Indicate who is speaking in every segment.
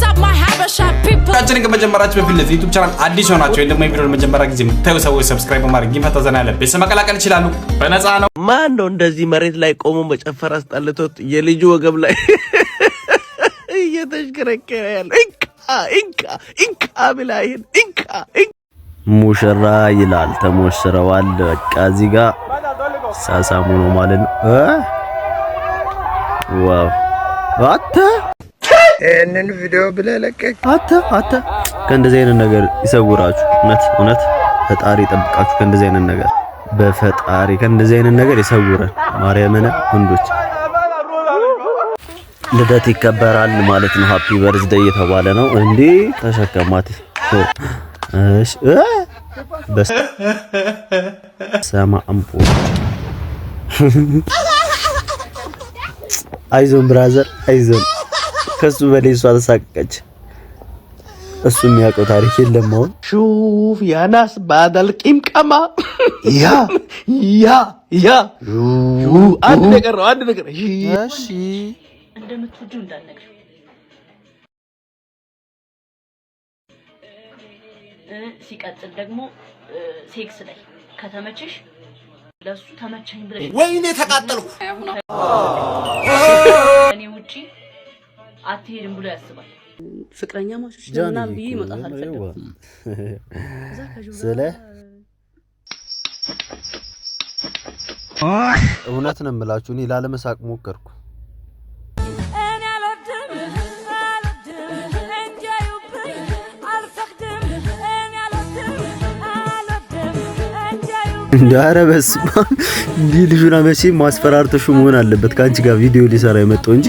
Speaker 1: ቻናላችንን ከመጀመራችሁ በፊት ለዚህ ዩቲዩብ ቻናል አዲስ ሆናችሁ ወይም ደግሞ የቪዲዮን መጀመሪያ ጊዜ የምታዩ ሰዎች ሰብስክራይብ በማድረግ ይፈታ ዘና ያለ ቤተሰብ መቀላቀል ይችላሉ። በነፃ ነው።
Speaker 2: ማን ነው እንደዚህ መሬት ላይ ቆሞ መጨፈር አስጠልቶት የልጁ ወገብ ላይ እየተሽከረከረ ያለ እንካ እንካ እንካ ብላ ይሄን እንካ ሙሽራ ይላል። ተሞሽረዋል። በቃ እዚህ ጋር ሳሳሙ ነው ማለት ነው። ዋው አተ ይህንን ቪዲዮ ብለህ ለቀቅ። አተ አተ ከእንደዚህ አይነት ነገር ይሰውራችሁ። እውነት እውነት ፈጣሪ ይጠብቃችሁ ከእንደዚህ አይነት ነገር በፈጣሪ ከእንደዚህ አይነት ነገር ይሰውረን። ማርያምን ወንዶች ልደት ይከበራል ማለት ነው። ሃፒ በርዝደይ እየተባለ ነው። እንዲ ተሸከማት። እሺ በሰማ አምፖ አይዞን ብራዘር አይዞን ከሱ በላይ እሷ ተሳቀቀች። እሱ የሚያውቀው ታሪክ የለም። አሁን ሹፍ ያናስ ባደል ቂም ቀማ ያ ያ ያ አንድ ነገር ነው። አንድ ነገር እሺ፣ እንደምትወዱ እንዳልነግር ሲቀጥል ደግሞ ሴክስ ላይ ከተመችሽ ለሱ ተመቸኝ ብለሽ ወይኔ ተቃጠልኩ። አትሄድም ብሎ ያስባል። ፍቅረኛ ማሽና ምናምን ብዬ መውጣት አልፈለኩም። ስለ እውነት ነው የምላችሁ፣ እኔ ላለመሳቅ ሞከርኩ። እንዳረ በስመ አብ! እንዲህ ልጁና መቼም ማስፈራርተሹ መሆን አለበት ከአንቺ ጋር ቪዲዮ ሊሰራ የመጣው እንጂ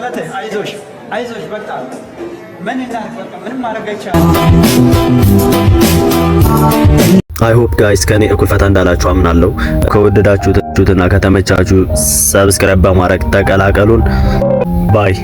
Speaker 2: ገበቴ አይዞሽ አይዞሽ፣ በቃ ምን እናድርግ፣ በቃ ምንም ማድረግ አይቻልም። አይ ሆፕ ጋይስ ከኔ እኩል ፈታ እንዳላችሁ አምናለሁ። ከወደዳችሁትና ከተመቻችሁ ሰብስክራይብ በማድረግ ተቀላቀሉን። ባይ